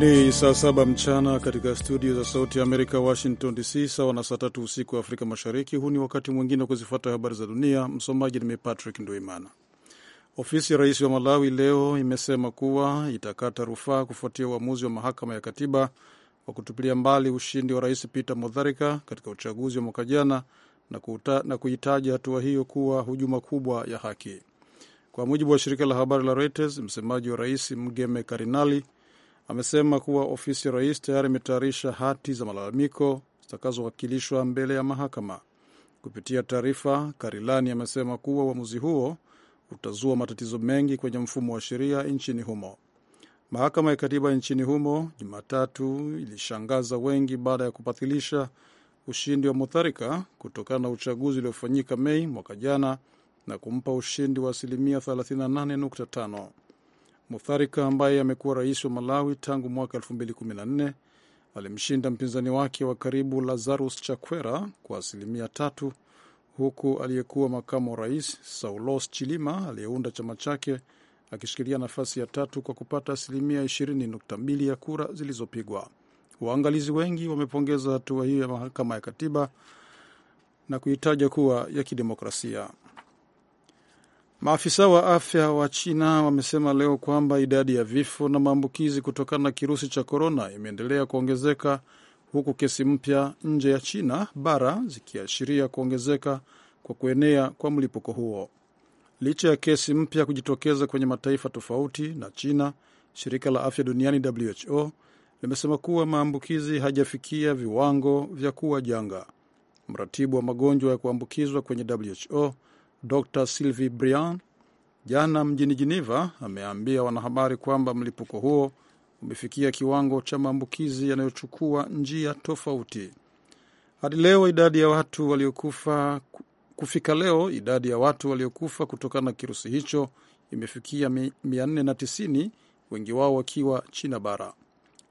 Ni saa saba mchana katika studio za Sauti ya Amerika, Washington DC, sawa na saa tatu usiku wa Afrika Mashariki. Huu ni wakati mwingine wa kuzifuata habari za dunia. Msomaji ni mimi Patrick Nduimana. Ofisi ya rais wa Malawi leo imesema kuwa itakata rufaa kufuatia uamuzi wa mahakama ya katiba wa kutupilia mbali ushindi wa rais Peter Mutharika katika uchaguzi wa mwaka jana na, na kuitaja hatua hiyo kuwa hujuma kubwa ya haki. Kwa mujibu wa shirika la habari la Reuters, msemaji wa rais Mgeme Karinali amesema kuwa ofisi ya rais tayari imetayarisha hati za malalamiko zitakazowakilishwa mbele ya mahakama. Kupitia taarifa, Karilani amesema kuwa uamuzi huo utazua matatizo mengi kwenye mfumo wa sheria nchini humo. Mahakama ya katiba nchini humo Jumatatu ilishangaza wengi baada ya kupathilisha ushindi wa Mutharika kutokana na uchaguzi uliofanyika Mei mwaka jana na kumpa ushindi wa asilimia 38.5. Mutharika ambaye amekuwa rais wa Malawi tangu mwaka 2014 alimshinda mpinzani wake wa karibu Lazarus Chakwera kwa asilimia tatu, huku aliyekuwa makamu wa rais Saulos Chilima aliyeunda chama chake akishikilia nafasi ya tatu kwa kupata asilimia 20.2 ya kura zilizopigwa. Waangalizi wengi wamepongeza hatua hiyo ya mahakama ya katiba na kuitaja kuwa ya kidemokrasia. Maafisa wa afya wa China wamesema leo kwamba idadi ya vifo na maambukizi kutokana na kirusi cha korona imeendelea kuongezeka huku kesi mpya nje ya China bara zikiashiria kuongezeka kwa kuenea kwa mlipuko huo. Licha ya kesi mpya kujitokeza kwenye mataifa tofauti na China, shirika la afya duniani WHO limesema kuwa maambukizi hajafikia viwango vya kuwa janga. Mratibu wa magonjwa ya kuambukizwa kwenye WHO Dr Sylvie Brian jana mjini Geneva ameambia wanahabari kwamba mlipuko huo umefikia kiwango cha maambukizi yanayochukua njia tofauti hadi leo. Idadi ya watu waliokufa kufika leo, idadi ya watu waliokufa kutokana na kirusi hicho imefikia 490, wengi wao wakiwa China bara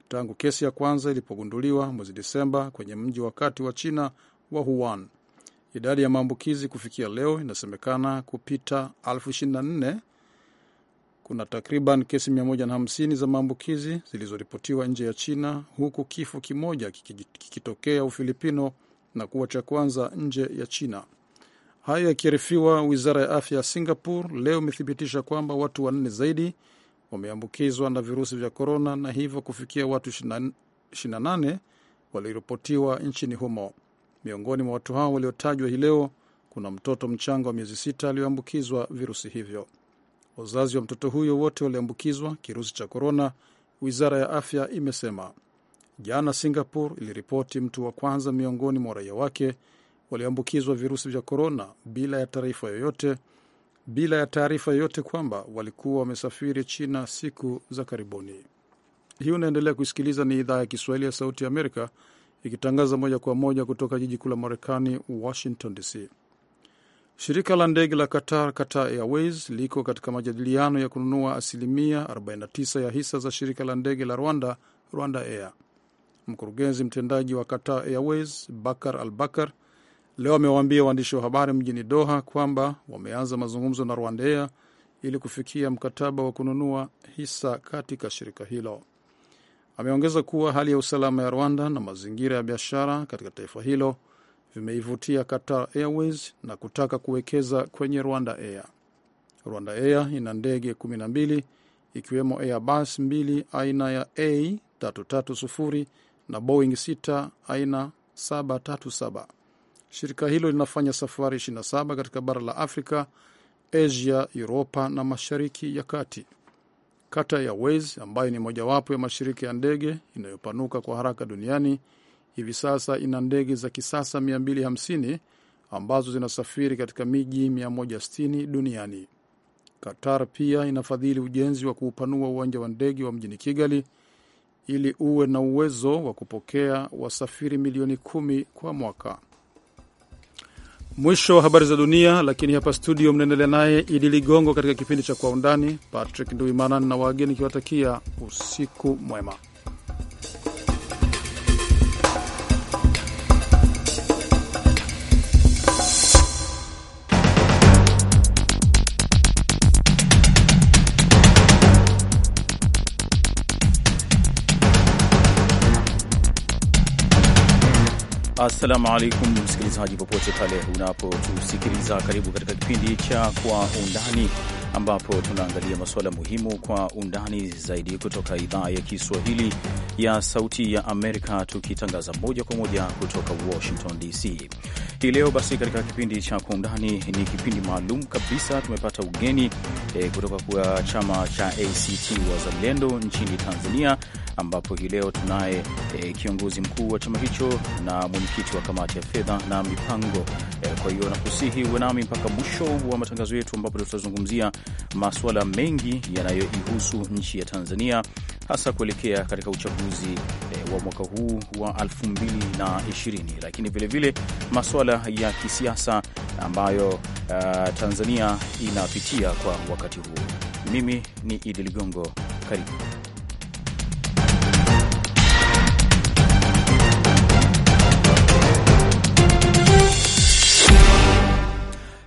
tangu kesi ya kwanza ilipogunduliwa mwezi Desemba kwenye mji wa kati wa China wa Wuhan. Idadi ya maambukizi kufikia leo inasemekana kupita elfu Kuna takriban kesi 150 za maambukizi zilizoripotiwa nje ya China, huku kifo kimoja kikitokea Ufilipino na kuwa cha kwanza nje ya China. Hayo yakiarifiwa, wizara ya afya ya Singapore leo imethibitisha kwamba watu wanne zaidi wameambukizwa na virusi vya korona na hivyo kufikia watu 28 walioripotiwa nchini humo. Miongoni mwa watu hao waliotajwa hii leo kuna mtoto mchanga wa miezi sita aliyoambukizwa virusi hivyo. Wazazi wa mtoto huyo wote waliambukizwa kirusi cha korona, wizara ya afya imesema. Jana Singapore iliripoti mtu wa kwanza miongoni mwa raia wake walioambukizwa virusi vya korona bila ya taarifa yoyote bila ya taarifa yoyote kwamba walikuwa wamesafiri China siku za karibuni. Hii unaendelea kuisikiliza, ni idhaa ya Kiswahili ya Sauti ya Amerika ikitangaza moja kwa moja kutoka jiji kuu la Marekani, Washington DC. Shirika la ndege la Qatar, Qatar Airways, liko katika majadiliano ya kununua asilimia 49 ya hisa za shirika la ndege la Rwanda, Rwanda Air. Mkurugenzi mtendaji wa Qatar Airways Bakar Al Bakar leo amewaambia waandishi wa habari mjini Doha kwamba wameanza mazungumzo na Rwanda Air ili kufikia mkataba wa kununua hisa katika shirika hilo. Ameongeza kuwa hali ya usalama ya Rwanda na mazingira ya biashara katika taifa hilo vimeivutia Qatar Airways na kutaka kuwekeza kwenye Rwanda Air. Rwanda Air ina ndege 12 ikiwemo Airbus 2 aina ya A330 na Boeing 6 aina 737. Shirika hilo linafanya safari 27 katika bara la Afrika, Asia, Uropa na Mashariki ya Kati kata ya Airways ambayo ni mojawapo ya mashirika ya ndege inayopanuka kwa haraka duniani hivi sasa ina ndege za kisasa 250 ambazo zinasafiri katika miji 160 duniani. Qatar pia inafadhili ujenzi wa kuupanua uwanja wa ndege wa mjini Kigali ili uwe na uwezo wa kupokea wasafiri milioni kumi kwa mwaka. Mwisho wa habari za dunia, lakini hapa studio mnaendelea naye Idi Ligongo katika kipindi cha Kwa Undani. Patrick Nduimana na wageni nikiwatakia usiku mwema. Assalamu alaikum, msikilizaji popote pale unapotusikiliza, karibu katika kipindi cha Kwa Undani ambapo tunaangalia masuala muhimu kwa undani zaidi kutoka idhaa ya Kiswahili ya Sauti ya Amerika, tukitangaza moja kwa moja kutoka Washington DC hii leo. Basi katika kipindi cha Kwa Undani ni kipindi maalum kabisa, tumepata ugeni e, kutoka kwa chama cha ACT Wazalendo nchini Tanzania ambapo hii leo tunaye e, kiongozi mkuu wa chama hicho na mwenyekiti wa kamati ya fedha na mipango e, kwa hiyo nakusihi uwe nami mpaka mwisho wa matangazo yetu, ambapo tutazungumzia masuala mengi yanayoihusu nchi ya Tanzania hasa kuelekea katika uchaguzi e, wa mwaka huu wa 2020 lakini vilevile masuala ya kisiasa ambayo uh, Tanzania inapitia kwa wakati huu. Mimi ni Idi Ligongo, karibu.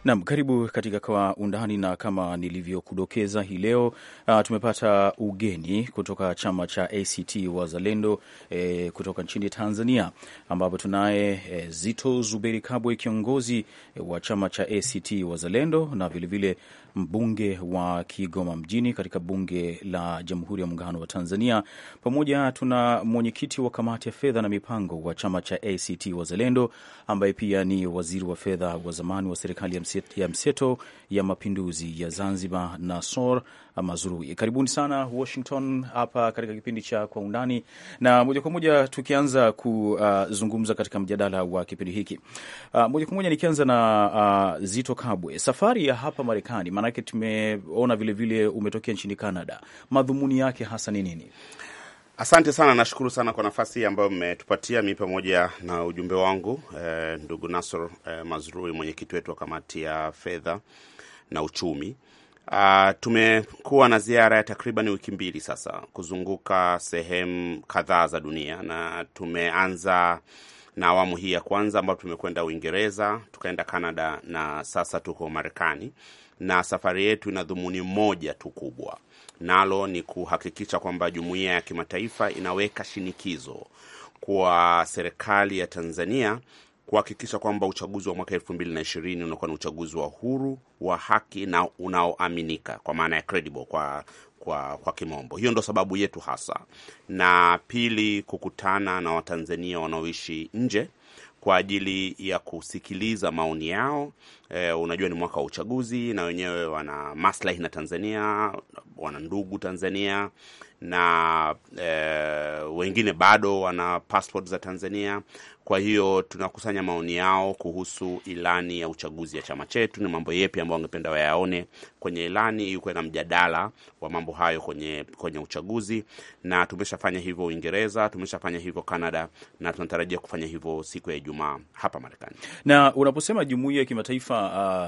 Nam, karibu katika Kwa Undani, na kama nilivyokudokeza hii leo uh, tumepata ugeni kutoka chama cha ACT Wazalendo eh, kutoka nchini Tanzania, ambapo tunaye eh, Zito Zuberi Kabwe, kiongozi eh, wa chama cha ACT Wazalendo, na vilevile mbunge wa Kigoma mjini katika bunge la Jamhuri ya Muungano wa Tanzania. Pamoja tuna mwenyekiti wa kamati ya fedha na mipango wa chama cha ACT Wazalendo, ambaye pia ni waziri wa fedha wa zamani wa serikali ya mseto ya mapinduzi ya Zanzibar, Nasor mazurui Karibuni sana Washington hapa katika kipindi cha Kwa Undani, na moja kwa moja tukianza kuzungumza katika mjadala wa kipindi hiki, ah, moja kwa moja nikianza na ah, Zito Kabwe, safari ya hapa Marekani maanake tumeona vilevile umetokea nchini Canada, madhumuni yake hasa ni nini? Asante sana, nashukuru sana kwa nafasi hii ambayo mmetupatia mi pamoja na ujumbe wangu eh, ndugu nasr eh, Mazrui, mwenyekiti wetu wa kamati ya fedha na uchumi. Uh, tumekuwa na ziara ya takriban wiki mbili sasa kuzunguka sehemu kadhaa za dunia, na tumeanza na awamu hii ya kwanza ambayo tumekwenda Uingereza, tukaenda Canada na sasa tuko Marekani na safari yetu ina dhumuni moja tu kubwa, nalo ni kuhakikisha kwamba jumuiya ya kimataifa inaweka shinikizo kwa serikali ya Tanzania kuhakikisha kwamba uchaguzi wa mwaka elfu mbili na ishirini unakuwa ni uchaguzi wa huru wa haki na unaoaminika kwa maana ya credible kwa, kwa, kwa kimombo. Hiyo ndo sababu yetu hasa, na pili, kukutana na Watanzania wanaoishi nje kwa ajili ya kusikiliza maoni yao. E, unajua ni mwaka wa uchaguzi na wenyewe wana maslahi na Tanzania, wana ndugu Tanzania na eh, wengine bado wana passport za Tanzania. Kwa hiyo tunakusanya maoni yao kuhusu ilani ya uchaguzi ya chama chetu, ni mambo yepi ambayo wangependa wayaone kwenye ilani, kuwe na mjadala wa mambo hayo kwenye, kwenye uchaguzi. Na tumeshafanya hivyo Uingereza, tumeshafanya hivyo Canada, na tunatarajia kufanya hivyo siku ya Ijumaa hapa Marekani. Na unaposema jumuiya ya kimataifa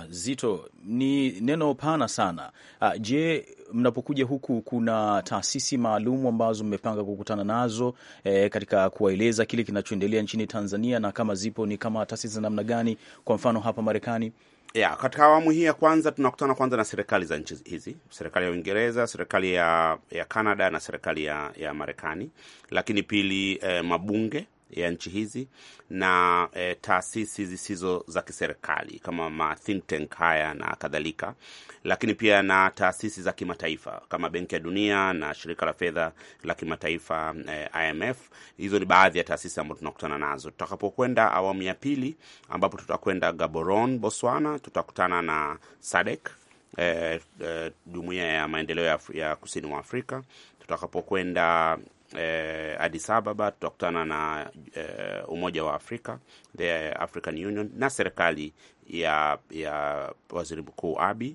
uh, Zito, ni neno pana sana uh, je mnapokuja huku kuna taasisi maalum ambazo mmepanga kukutana nazo e, katika kuwaeleza kile kinachoendelea nchini Tanzania, na kama zipo ni kama taasisi za namna gani, kwa mfano hapa Marekani? Yeah, katika awamu hii ya kwanza tunakutana kwanza na serikali za nchi hizi, serikali ya Uingereza, serikali ya ya Canada na serikali ya, ya Marekani, lakini pili eh, mabunge ya nchi hizi na e, taasisi zisizo za kiserikali kama ma think tank haya na kadhalika, lakini pia na taasisi za kimataifa kama Benki ya Dunia na shirika la fedha la kimataifa e, eh, IMF. Hizo ni baadhi ya taasisi ambazo tunakutana nazo. Tutakapokwenda awamu ya pili, ambapo tutakwenda Gaborone, Botswana, tutakutana na SADC eh, jumuiya e, e, ya maendeleo ya, ya kusini mwa Afrika tutakapokwenda eh, Addis Ababa tutakutana na eh, Umoja wa Afrika, the African Union na serikali ya, ya waziri mkuu Abiy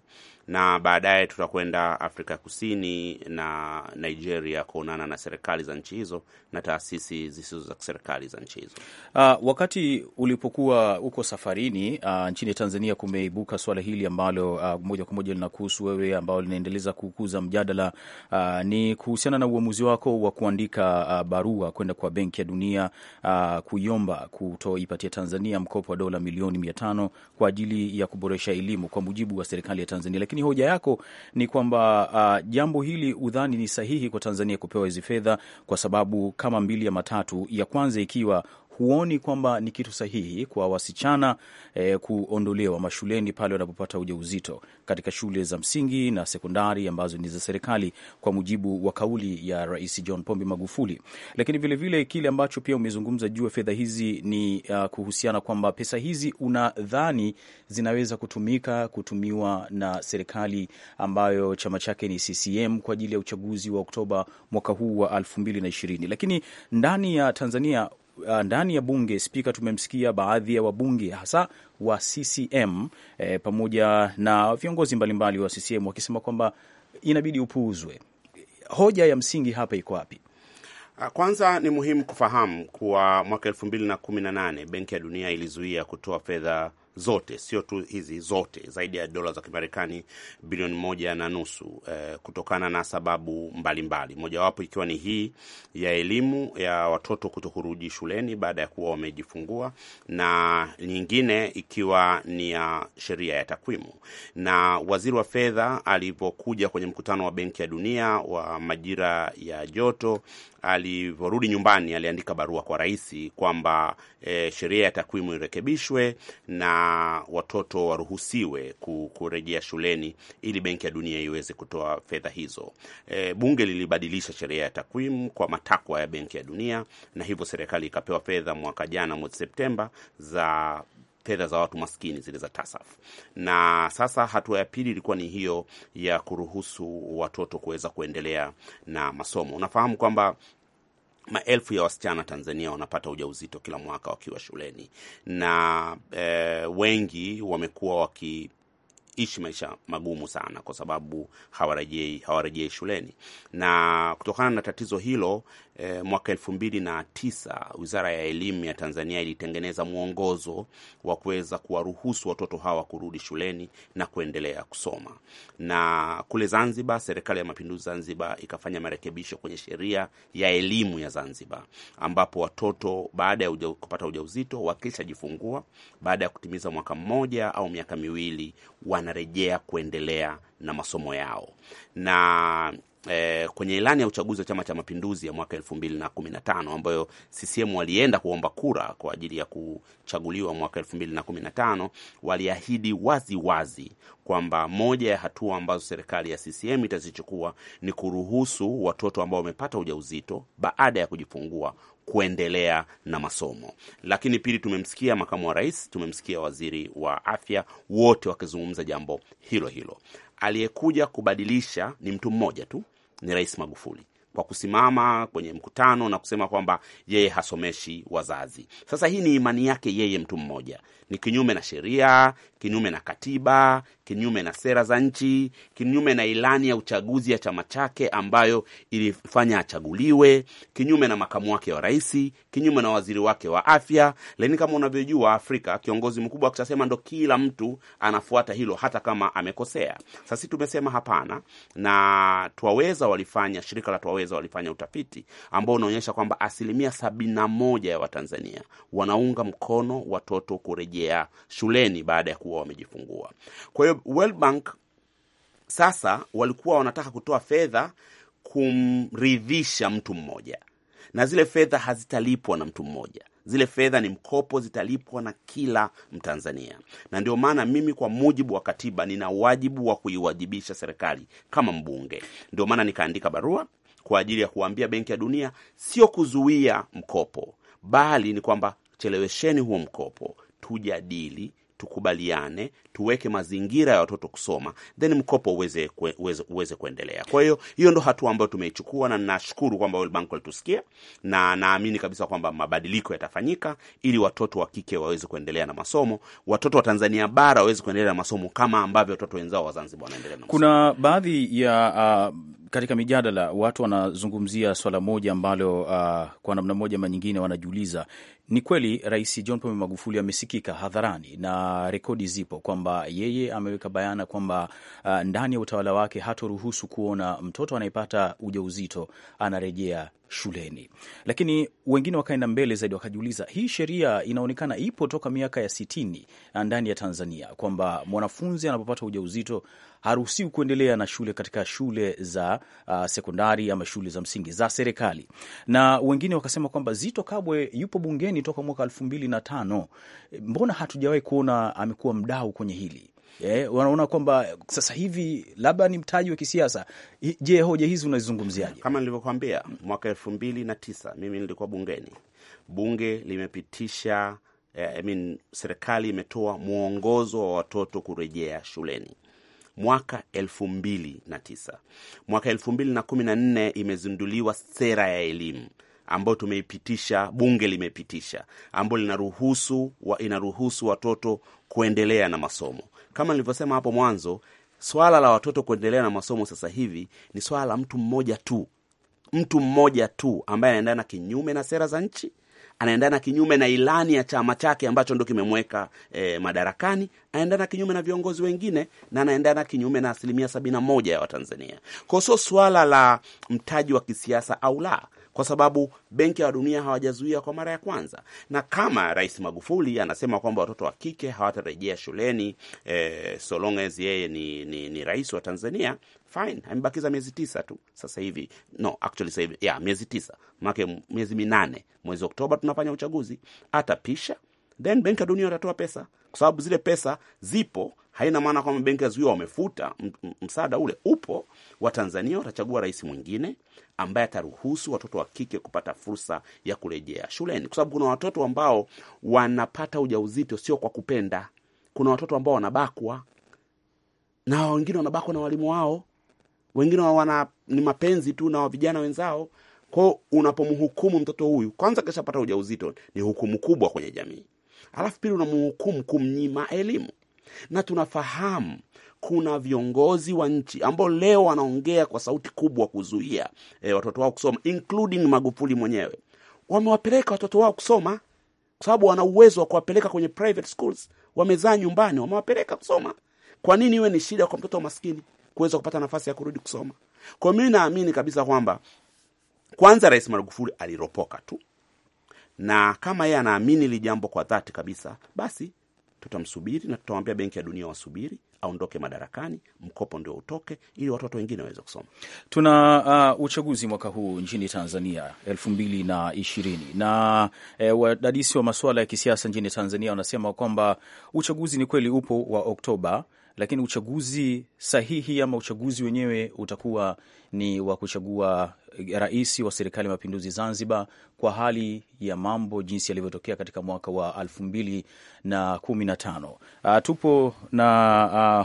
na baadaye tutakwenda Afrika Kusini na Nigeria kuonana na serikali za nchi hizo na taasisi zisizo za serikali za nchi hizo. Uh, wakati ulipokuwa uko safarini uh, nchini Tanzania kumeibuka swala hili ambalo uh, moja kwa moja linakuhusu wewe, ambao linaendeleza kukuza mjadala uh, ni kuhusiana na uamuzi wako wa kuandika uh, barua kwenda kwa Benki ya Dunia uh, kuiomba kutoipatia Tanzania mkopo wa dola milioni mia tano kwa ajili ya kuboresha elimu kwa mujibu wa serikali ya Tanzania, lakini ni hoja yako ni kwamba uh, jambo hili udhani ni sahihi kwa Tanzania kupewa hizi fedha, kwa sababu kama mbili ya matatu, ya kwanza ikiwa huoni kwamba ni kitu sahihi kwa wasichana e, kuondolewa mashuleni pale wanapopata ujauzito katika shule za msingi na sekondari ambazo ni za serikali, kwa mujibu wa kauli ya Rais John Pombe Magufuli. Lakini vilevile kile ambacho pia umezungumza juu ya fedha hizi ni uh, kuhusiana kwamba pesa hizi unadhani zinaweza kutumika kutumiwa na serikali ambayo chama chake ni CCM kwa ajili ya uchaguzi wa Oktoba mwaka huu wa 2020 lakini ndani ya Tanzania uh, ndani ya bunge spika, tumemsikia baadhi ya wabunge hasa wa CCM e, eh, pamoja na viongozi mbalimbali wa CCM wakisema kwamba inabidi upuuzwe. Hoja ya msingi hapa iko wapi? Uh, kwanza ni muhimu kufahamu kuwa mwaka elfu mbili na kumi na nane Benki ya Dunia ilizuia kutoa fedha zote, sio tu hizi zote, zaidi ya dola za Kimarekani bilioni moja na nusu eh, kutokana na sababu mbalimbali, mojawapo ikiwa ni hii ya elimu ya watoto kutokurudi shuleni baada ya kuwa wamejifungua, na nyingine ikiwa ni ya sheria ya takwimu. Na waziri wa fedha alivyokuja kwenye mkutano wa Benki ya Dunia wa majira ya joto, alivyorudi nyumbani, aliandika barua kwa rais kwamba e, sheria ya takwimu irekebishwe na watoto waruhusiwe kurejea shuleni ili Benki ya Dunia iweze kutoa fedha hizo. E, bunge lilibadilisha sheria ya takwimu kwa matakwa ya Benki ya Dunia na hivyo serikali ikapewa fedha mwaka jana mwezi Septemba za fedha za watu maskini zile za TASAF. Na sasa hatua ya pili ilikuwa ni hiyo ya kuruhusu watoto kuweza kuendelea na masomo. Unafahamu kwamba maelfu ya wasichana Tanzania wanapata ujauzito kila mwaka wakiwa shuleni, na e, wengi wamekuwa waki ishi maisha magumu sana kwa sababu hawarejei hawarejei shuleni. Na kutokana na tatizo hilo eh, mwaka elfu mbili na tisa Wizara ya Elimu ya Tanzania ilitengeneza mwongozo wa kuweza kuwaruhusu watoto hawa kurudi shuleni na kuendelea kusoma. Na kule Zanzibar, Serikali ya Mapinduzi Zanzibar ikafanya marekebisho kwenye sheria ya elimu ya Zanzibar, ambapo watoto baada ya uja, kupata ujauzito wakishajifungua, baada ya kutimiza mwaka mmoja au miaka miwili, wanarejea kuendelea na masomo yao na eh, kwenye ilani ya uchaguzi wa Chama cha Mapinduzi ya mwaka elfu mbili na kumi na tano ambayo CCM walienda kuomba kura kwa ajili ya kuchaguliwa mwaka elfu mbili na kumi na tano waliahidi wazi wazi kwamba moja ya hatua ambazo serikali ya CCM itazichukua ni kuruhusu watoto ambao wamepata ujauzito baada ya kujifungua kuendelea na masomo. Lakini pili, tumemsikia makamu wa rais, tumemsikia waziri wa afya, wote wakizungumza jambo hilo hilo. Aliyekuja kubadilisha ni mtu mmoja tu ni Rais Magufuli. kwa kusimama kwenye mkutano na kusema kwamba yeye hasomeshi wazazi. Sasa hii ni imani yake yeye mtu mmoja, ni kinyume na sheria, kinyume na katiba, kinyume na sera za nchi, kinyume na ilani ya uchaguzi ya chama chake ambayo ilifanya achaguliwe, kinyume na makamu wake wa rais, kinyume na waziri wake wa afya. Lakini kama unavyojua, Afrika kiongozi mkubwa akishasema ndo kila mtu anafuata hilo, hata kama amekosea. Sasa tumesema hapana, na Twaweza walifanya shirika la Twaweza Uingereza walifanya utafiti ambao unaonyesha kwamba asilimia sabini na moja ya Watanzania wanaunga mkono watoto kurejea shuleni baada ya kuwa wamejifungua. Kwa hiyo World Bank sasa walikuwa wanataka kutoa fedha kumridhisha mtu mmoja, na zile fedha hazitalipwa na mtu mmoja zile fedha ni mkopo, zitalipwa na kila Mtanzania. Na ndio maana mimi kwa mujibu wa katiba nina wajibu wa kuiwajibisha serikali kama mbunge. Ndio maana nikaandika barua kwa ajili ya kuambia Benki ya Dunia sio kuzuia mkopo, bali ni kwamba chelewesheni huo mkopo, tujadili tukubaliane, tuweke mazingira ya watoto kusoma, then mkopo uweze, uweze, uweze kuendelea. Kwa hiyo hiyo ndo hatua ambayo tumeichukua, na nashukuru kwamba World Bank walitusikia, na naamini kabisa kwamba mabadiliko yatafanyika ili watoto wa kike waweze kuendelea na masomo, watoto wa Tanzania bara waweze kuendelea na masomo kama ambavyo watoto wenzao wa Zanzibar wanaendelea na masomo. Kuna baadhi ya uh katika mijadala watu wanazungumzia swala moja ambalo uh, kwa namna moja ama nyingine wanajiuliza, ni kweli Rais John Pombe Magufuli amesikika hadharani na rekodi zipo kwamba yeye ameweka bayana kwamba uh, ndani ya utawala wake hatoruhusu kuona mtoto anayepata ujauzito anarejea shuleni. Lakini wengine wakaenda mbele zaidi, wakajiuliza hii sheria inaonekana ipo toka miaka ya sitini ndani ya Tanzania, kwamba mwanafunzi anapopata ujauzito haruhusiwi kuendelea na shule katika shule za uh, sekondari ama shule za msingi za serikali. Na wengine wakasema kwamba Zito Kabwe yupo bungeni toka mwaka elfu mbili na tano, mbona hatujawahi kuona amekuwa mdau kwenye hili? eh, wanaona kwamba sasa hivi labda ni mtaji wa kisiasa. Je, hoja hizi unazizungumziaje? Kama nilivyokwambia mwaka elfu mbili na tisa mimi nilikuwa bungeni, bunge limepitisha eh, I mean, serikali imetoa mwongozo wa watoto kurejea shuleni mwaka elfu mbili na tisa. Mwaka elfu mbili na kumi na nne imezinduliwa sera ya elimu ambayo tumeipitisha, bunge limepitisha, ambayo linaruhusu wa, inaruhusu watoto kuendelea na masomo. Kama nilivyosema hapo mwanzo, swala la watoto kuendelea na masomo sasa hivi ni swala la mtu mmoja tu, mtu mmoja tu ambaye anaendana kinyume na sera za nchi, anaendana kinyume na ilani ya chama chake ambacho ndo kimemweka e, madarakani, anaendana kinyume na viongozi wengine na anaendana kinyume na asilimia sabini na moja ya Watanzania. Kwa hiyo sio swala la mtaji wa kisiasa au la kwa sababu Benki ya Dunia hawajazuia kwa mara ya kwanza. Na kama Rais Magufuli anasema kwamba watoto wa kike hawatarejea shuleni eh, so long as yeye ni, ni, ni rais wa Tanzania, fine, amebakiza miezi tisa tu sasa hivi, no actually sasa hivi yeah, miezi tisa make miezi minane, mwezi Oktoba tunafanya uchaguzi, atapisha then Benki ya Dunia watatoa pesa kwa sababu zile pesa zipo haina maana kwamba benki ya Zuia wamefuta msaada ule, upo. Watanzania watachagua rais mwingine ambaye ataruhusu watoto wa kike kupata fursa ya kurejea shuleni, kwa sababu kuna watoto ambao wanapata ujauzito sio kwa kupenda. Kuna watoto ambao wanabakwa na wengine wanabakwa na walimu wao, wengine wana ni mapenzi tu na vijana wenzao. Kwao unapomhukumu mtoto huyu, kwanza kishapata ujauzito, ni hukumu kubwa kwenye jamii, alafu pili unamhukumu kumnyima elimu na tunafahamu kuna viongozi wa nchi ambao leo wanaongea kwa sauti kubwa kuzuia e, watoto wao kusoma including Magufuli mwenyewe. Wamewapeleka watoto wao kusoma kwa sababu wana uwezo wa kuwapeleka kwenye private schools, wamezaa nyumbani, wamewapeleka kusoma. Kwa nini iwe ni shida kwa mtoto wa maskini kuweza kupata nafasi ya kurudi kusoma? Kwa mimi naamini kabisa kwamba kwanza, Rais Magufuli aliropoka tu, na kama yeye anaamini ili jambo kwa dhati kabisa, basi tutamsubiri na tutawambia Benki ya Dunia wasubiri aondoke madarakani, mkopo ndio utoke, ili watoto wengine waweze kusoma. Tuna uh, uchaguzi mwaka huu nchini Tanzania elfu mbili na ishirini na e, wadadisi wa masuala ya kisiasa nchini Tanzania wanasema kwamba uchaguzi ni kweli upo wa Oktoba, lakini uchaguzi sahihi ama uchaguzi wenyewe utakuwa ni wa kuchagua rais wa serikali ya mapinduzi Zanzibar kwa hali ya mambo jinsi yalivyotokea katika mwaka wa elfu mbili na kumi na tano. Uh, tupo na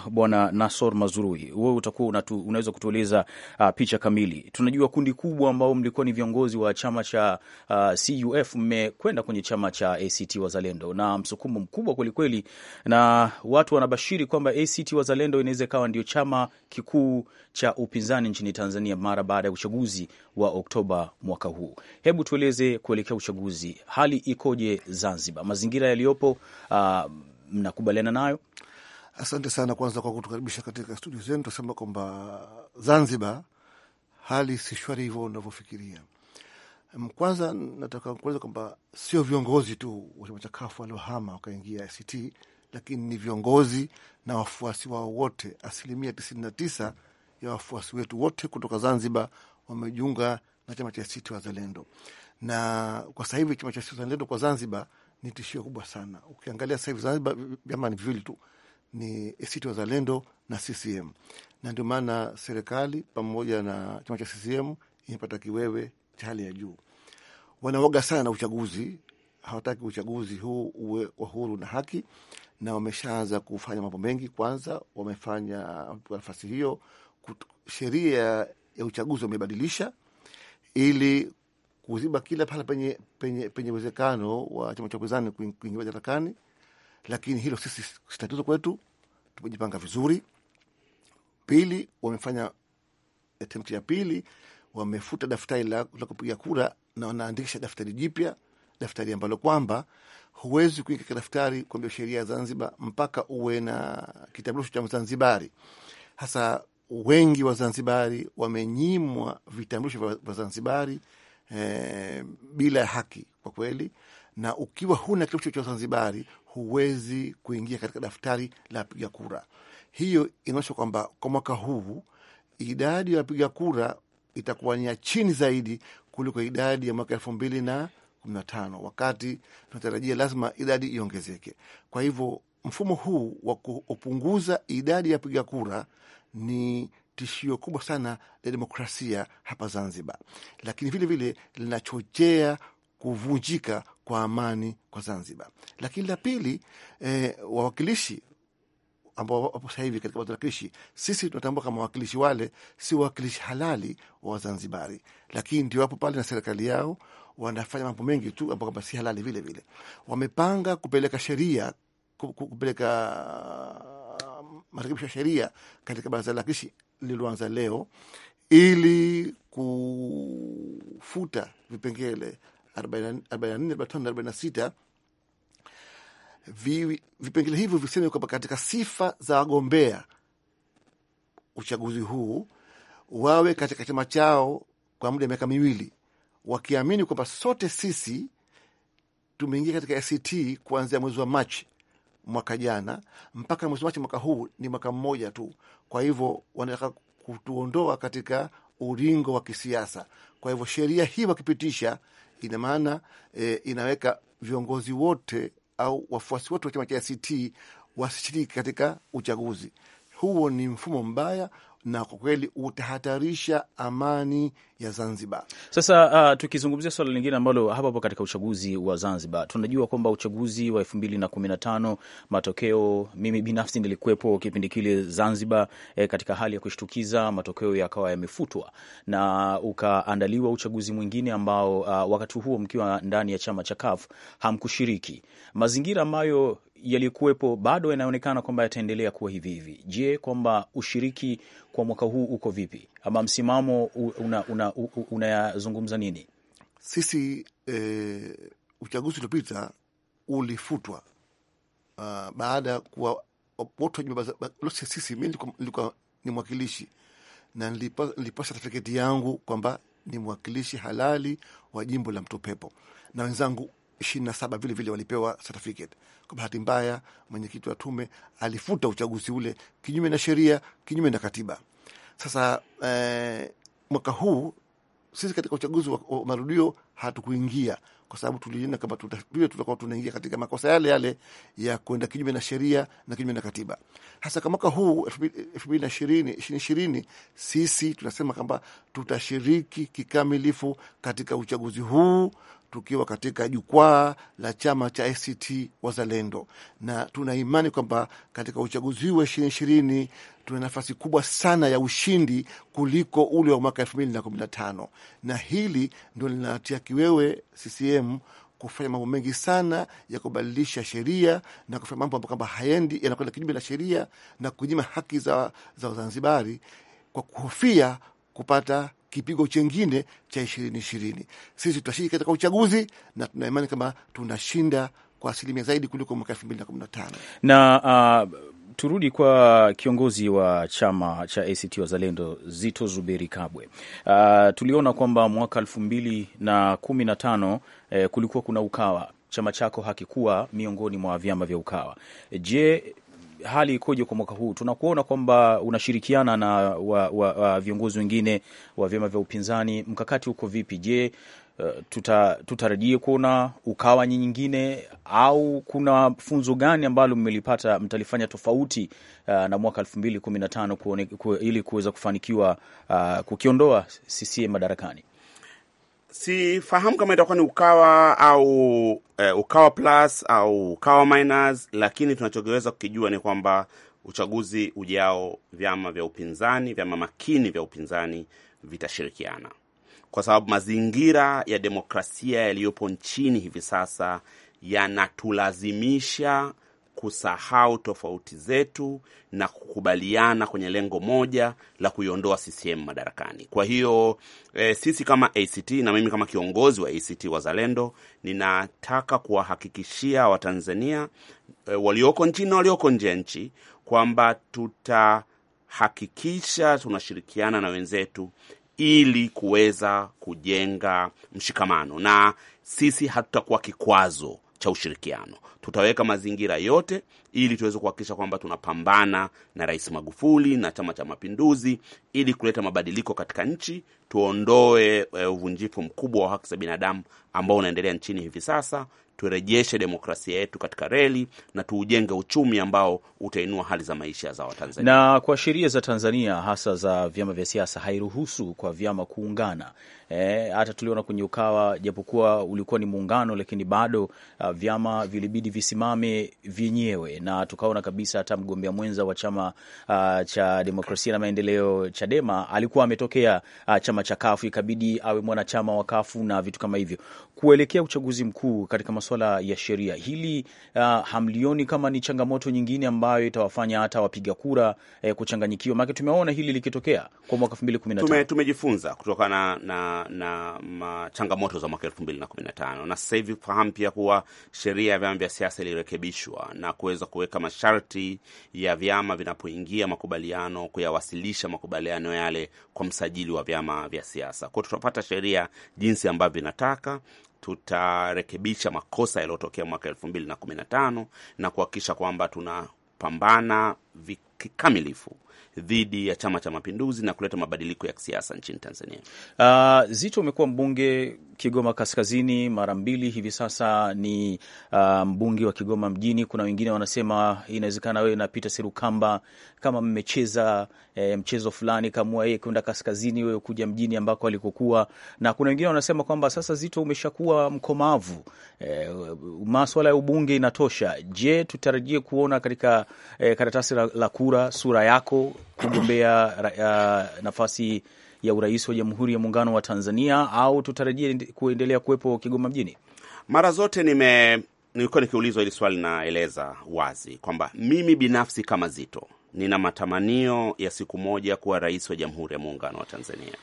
uh, bwana Nasor Mazurui, wewe utakuwa unaweza kutueleza uh, picha kamili. Tunajua kundi kubwa ambao mlikuwa ni viongozi wa chama cha uh, CUF mmekwenda kwenye chama cha ACT Wazalendo na msukumo mkubwa kwelikweli, na watu wanabashiri kwamba ACT Wazalendo inaweza ikawa ndio chama kikuu cha upinzani nchini Tanzania mara baada ya uchaguzi wa Oktoba mwaka huu. Hebu tueleze kuelekea uchaguzi, hali ikoje Zanzibar, mazingira yaliyopo, uh, mnakubaliana nayo? Asante sana kwanza kwa kutukaribisha katika studio zenu. Tunasema kwamba Zanzibar hali si shwari hivyo unavyofikiria. Kwanza nataka kueleza kwamba sio viongozi tu wa chama cha kafu waliohama wakaingia ACT, lakini ni viongozi na wafuasi wao wote asilimia tisini na tisa ya wafuasi wetu wote kutoka Zanzibar wamejiunga na chama cha ACT Wazalendo, na kwa sasa hivi chama cha ACT Wazalendo kwa Zanzibar ni tishio kubwa sana. Ukiangalia sasa hivi Zanzibar vyama ni viwili tu, ni ACT Wazalendo na CCM, na ndio maana serikali pamoja na chama cha CCM imepata kiwewe cha hali ya juu. Wanaoga sana na uchaguzi, hawataki uchaguzi huu uwe wa huru na haki, na wameshaanza kufanya mambo mengi. Kwanza wamefanya nafasi hiyo sheria ya uchaguzi wamebadilisha ili kuziba kila pahala penye penye penye uwezekano wa chama cha upinzani kuingia madarakani. Lakini hilo sisi si tatizo kwetu, tumejipanga vizuri. Pili, wamefanya attempt eh, ya pili, wamefuta daftari la, la kupiga kura na wanaandikisha daftari jipya, daftari ambalo kwamba huwezi kuingia kidaftari daftari kuambia sheria ya Zanzibar mpaka uwe na kitambulisho cha Mzanzibari. Hasa wengi Wazanzibari wamenyimwa vitambulisho vya Zanzibari eh, bila ya haki kwa kweli, na ukiwa huna kitambulisho cha Wazanzibari huwezi kuingia katika daftari la wapiga kura. Hiyo inaonyesha kwamba kwa mwaka huu idadi ya wapiga kura itakuwa ni ya chini zaidi kuliko idadi ya mwaka elfu mbili na kumi na tano wakati tunatarajia lazima idadi iongezeke. Kwa hivyo mfumo huu wa kupunguza idadi ya wapiga kura ni tishio kubwa sana la demokrasia hapa Zanzibar, lakini vilevile linachochea kuvunjika kwa amani kwa Zanzibar. Lakini la pili, eh, wawakilishi ambao wapo sasa hivi katika baraza la wawakilishi, sisi tunatambua kama wawakilishi wale si wawakilishi halali wa Wazanzibari, lakini ndio wapo pale na serikali yao wanafanya mambo mengi tu ambao kwamba si halali. Vile vile wamepanga kupeleka sheria kupeleka marekebisho ya sheria katika baraza la kishi lililoanza leo ili kufuta vipengele 44, 46 vi, vipengele hivyo viseme kwamba katika sifa za wagombea uchaguzi huu wawe katika chama chao kwa muda ya miaka miwili, wakiamini kwamba sote sisi tumeingia katika ACT kuanzia mwezi wa Machi mwaka jana mpaka mwezi Machi mwaka huu ni mwaka mmoja tu. Kwa hivyo wanataka kutuondoa katika ulingo wa kisiasa. Kwa hivyo sheria hii wakipitisha, ina maana e, inaweka viongozi wote au wafuasi wote wa chama cha ACT wasishiriki katika uchaguzi. Huo ni mfumo mbaya na kwa kweli utahatarisha amani ya Zanzibar. Sasa uh, tukizungumzia suala lingine ambalo hapo hapo katika uchaguzi wa Zanzibar, tunajua kwamba uchaguzi wa elfu mbili na kumi na tano matokeo, mimi binafsi nilikuwepo kipindi kile Zanzibar eh, katika hali ya kushtukiza, matokeo yakawa yamefutwa na ukaandaliwa uchaguzi mwingine ambao, uh, wakati huo mkiwa ndani ya chama cha CUF hamkushiriki, mazingira ambayo yaliyokuwepo bado yanaonekana kwamba yataendelea kuwa hivi hivi. Je, kwamba ushiriki kwa mwaka huu uko vipi, ama msimamo unayazungumza una, una nini? Sisi e, uchaguzi uliopita ulifutwa uh, baada ya kuwa wote sisi, mi nilikuwa ni mwakilishi na nilipasa tafiketi yangu kwamba ni mwakilishi halali wa jimbo la Mtopepo na wenzangu ishirini na saba vile vile walipewa certificate. Kwa bahati mbaya, mwenyekiti wa tume alifuta uchaguzi ule kinyume na sheria, kinyume na katiba. Sasa eh, mwaka huu sisi katika uchaguzi wa, marudio hatukuingia kwa sababu tuliona kama vile tutakuwa tunaingia katika makosa yale yale ya kwenda kinyume na sheria na kinyume na katiba. Hasa kwa mwaka huu elfu mbili na ishirini, sisi tunasema kwamba tutashiriki kikamilifu katika uchaguzi huu tukiwa katika jukwaa la chama cha ACT Wazalendo, na tuna imani kwamba katika uchaguzi huu wa ishirini ishirini tuna nafasi kubwa sana ya ushindi kuliko ule wa mwaka elfu mbili na kumi na tano na hili ndio linatia kiwewe CCM kufanya mambo mengi sana ya kubadilisha sheria na kufanya mambo ambayo kwamba haendi yanakwenda kinyume na sheria na kunyima haki za, za Wazanzibari kwa kuhofia kupata kipigo chengine cha ishirini ishirini. Sisi tutashiriki katika uchaguzi na tunaimani imani kama tunashinda kwa asilimia zaidi kuliko mwaka elfu mbili na kumi na tano na uh... Turudi kwa kiongozi wa chama cha ACT Wazalendo Zito Zuberi Kabwe. Uh, tuliona kwamba mwaka elfu mbili na kumi na tano eh, kulikuwa kuna Ukawa, chama chako hakikuwa miongoni mwa vyama vya Ukawa. Je, hali ikoje kwa mwaka huu? Tunakuona kwamba unashirikiana na wa, wa, wa viongozi wengine wa vyama vya upinzani, mkakati uko vipi? Je, uh, tuta, kuona ukawa nyingine au kuna funzo gani ambalo mmelipata mtalifanya tofauti uh, na mwaka elfu mbili kumi na tano ili kuweza kufanikiwa uh, kukiondoa CCM madarakani? sifahamu kama itakuwa ni Ukawa au e, Ukawa plus au Ukawa minus, lakini tunachoweza kukijua ni kwamba uchaguzi ujao, vyama vya upinzani, vyama makini vya upinzani vitashirikiana, kwa sababu mazingira ya demokrasia yaliyopo nchini hivi sasa yanatulazimisha kusahau tofauti zetu na kukubaliana kwenye lengo moja la kuiondoa CCM madarakani. Kwa hiyo e, sisi kama ACT na mimi kama kiongozi wa ACT Wazalendo ninataka kuwahakikishia Watanzania e, walioko nchini na walioko nje ya nchi kwamba tutahakikisha tunashirikiana na wenzetu ili kuweza kujenga mshikamano, na sisi hatutakuwa kikwazo cha ushirikiano. Tutaweka mazingira yote ili tuweze kuhakikisha kwamba tunapambana na Rais Magufuli na Chama cha Mapinduzi ili kuleta mabadiliko katika nchi, tuondoe eh, uvunjifu mkubwa wa haki za binadamu ambao unaendelea nchini hivi sasa, turejeshe demokrasia yetu katika reli na tuujenge uchumi ambao utainua hali za maisha za Watanzania. Na kwa sheria za Tanzania hasa za vyama vya siasa hairuhusu kwa vyama kuungana Eh, hata e, tuliona kwenye Ukawa, japokuwa ulikuwa ni muungano, lakini bado uh, vyama vilibidi visimame vyenyewe, na tukaona kabisa hata mgombea mwenza wa chama uh, cha demokrasia na maendeleo Chadema alikuwa ametokea uh, chama cha Kafu, ikabidi awe mwanachama wa Kafu na vitu kama hivyo kuelekea uchaguzi mkuu. Katika masuala ya sheria hili uh, hamlioni kama ni changamoto nyingine ambayo itawafanya hata wapiga kura eh, kuchanganyikiwa? Maana tumeona hili likitokea kwa mwaka 2015 tumejifunza kutokana na, na na, na, changamoto za mwaka elfu mbili na kumi na tano na sasa hivi fahamu pia kuwa sheria ya vyama vya siasa ilirekebishwa na kuweza kuweka masharti ya vyama vinapoingia makubaliano kuyawasilisha makubaliano yale kwa msajili wa vyama vya siasa. Kwao tutapata sheria jinsi ambavyo inataka tutarekebisha makosa yaliyotokea mwaka elfu mbili na kumi na tano na kuhakikisha kwamba tunapambana kikamilifu dhidi ya Chama cha Mapinduzi na kuleta mabadiliko ya kisiasa nchini Tanzania. Uh, ah, Zito umekuwa mbunge Kigoma Kaskazini mara mbili, hivi sasa ni uh, mbunge wa Kigoma Mjini. Kuna wengine wanasema inawezekana wewe na Peter Serukamba kama mmecheza eh, mchezo fulani, kamua yeye kwenda kaskazini, wewe kuja mjini ambako alikokuwa, na kuna wengine wanasema kwamba sasa Zito umeshakuwa mkomavu eh, maswala ya ubunge inatosha. Je, tutarajie kuona katika eh, karatasi la, la kura sura yako kugombea uh, nafasi ya urais wa Jamhuri ya Muungano wa Tanzania au tutarajia kuendelea kuwepo Kigoma mjini? Mara zote nime nilikuwa nikiulizwa hili swali, naeleza wazi kwamba mimi binafsi kama Zito nina matamanio ya siku moja kuwa rais wa Jamhuri ya Muungano wa Tanzania,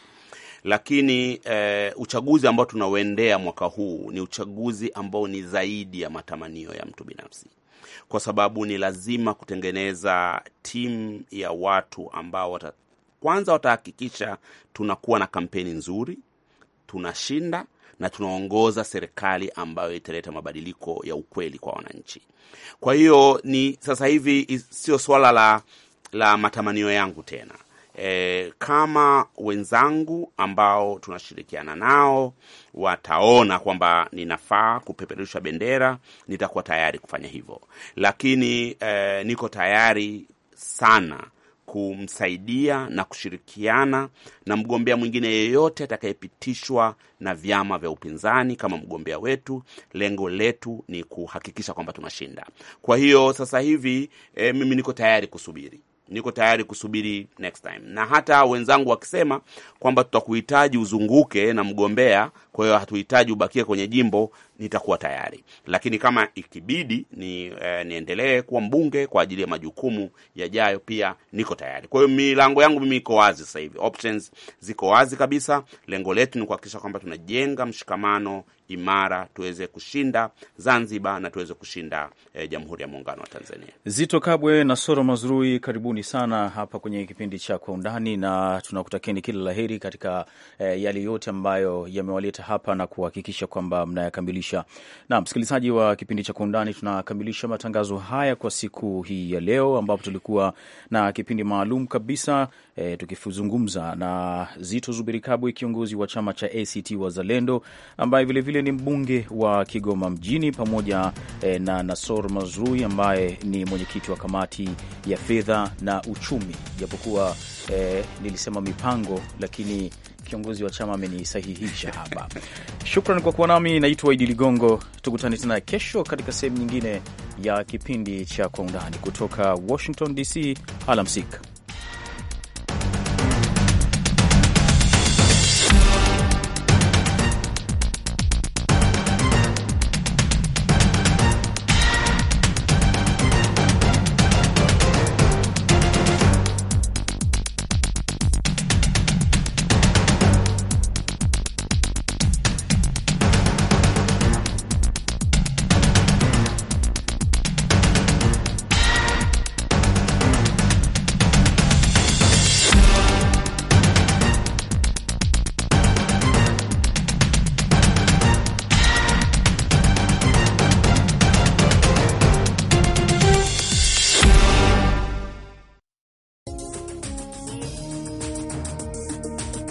lakini e, uchaguzi ambao tunauendea mwaka huu ni uchaguzi ambao ni zaidi ya matamanio ya mtu binafsi kwa sababu ni lazima kutengeneza timu ya watu ambao wata, kwanza watahakikisha tunakuwa na kampeni nzuri, tunashinda na tunaongoza serikali ambayo italeta mabadiliko ya ukweli kwa wananchi. Kwa hiyo ni sasa hivi sio swala la, la matamanio yangu tena e, kama wenzangu ambao tunashirikiana nao wataona kwamba ninafaa kupeperusha bendera, nitakuwa tayari kufanya hivyo, lakini e, niko tayari sana kumsaidia na kushirikiana na mgombea mwingine yeyote atakayepitishwa na vyama vya upinzani kama mgombea wetu. Lengo letu ni kuhakikisha kwamba tunashinda. Kwa hiyo sasa hivi e, mimi niko tayari kusubiri niko tayari kusubiri next time, na hata wenzangu wakisema kwamba tutakuhitaji uzunguke na mgombea, kwa hiyo hatuhitaji ubakie kwenye jimbo, nitakuwa tayari, lakini kama ikibidi ni eh, niendelee kuwa mbunge kwa ajili ya majukumu yajayo, pia niko tayari. Kwa hiyo milango yangu mimi iko wazi sasa hivi, options ziko wazi kabisa. Lengo letu ni kuhakikisha kwamba tunajenga mshikamano imara tuweze kushinda Zanzibar na tuweze kushinda eh, Jamhuri ya Muungano wa Tanzania. Zito Kabwe na Soro Mazrui, karibuni sana hapa kwenye kipindi cha Kwa Undani, na tunakutakieni kila la heri katika eh, yale yote ambayo yamewaleta hapa na kuhakikisha kwamba mnayakamilisha maisha. Na msikilizaji wa kipindi cha Kwa Undani, tunakamilisha matangazo haya kwa siku hii ya leo, ambapo tulikuwa na kipindi maalum kabisa e, tukizungumza na Zito Zuberi Kabwe, kiongozi wa chama cha ACT Wazalendo ambaye vilevile ni mbunge wa Kigoma Mjini, pamoja e, na Nasor Mazrui ambaye ni mwenyekiti wa kamati ya fedha na uchumi, japokuwa e, nilisema mipango lakini kiongozi wa chama amenisahihisha hapa. Shukran kwa kuwa nami, naitwa Idi Ligongo. Tukutane tena kesho katika sehemu nyingine ya kipindi cha Kwa Undani kutoka Washington DC. Alamsik.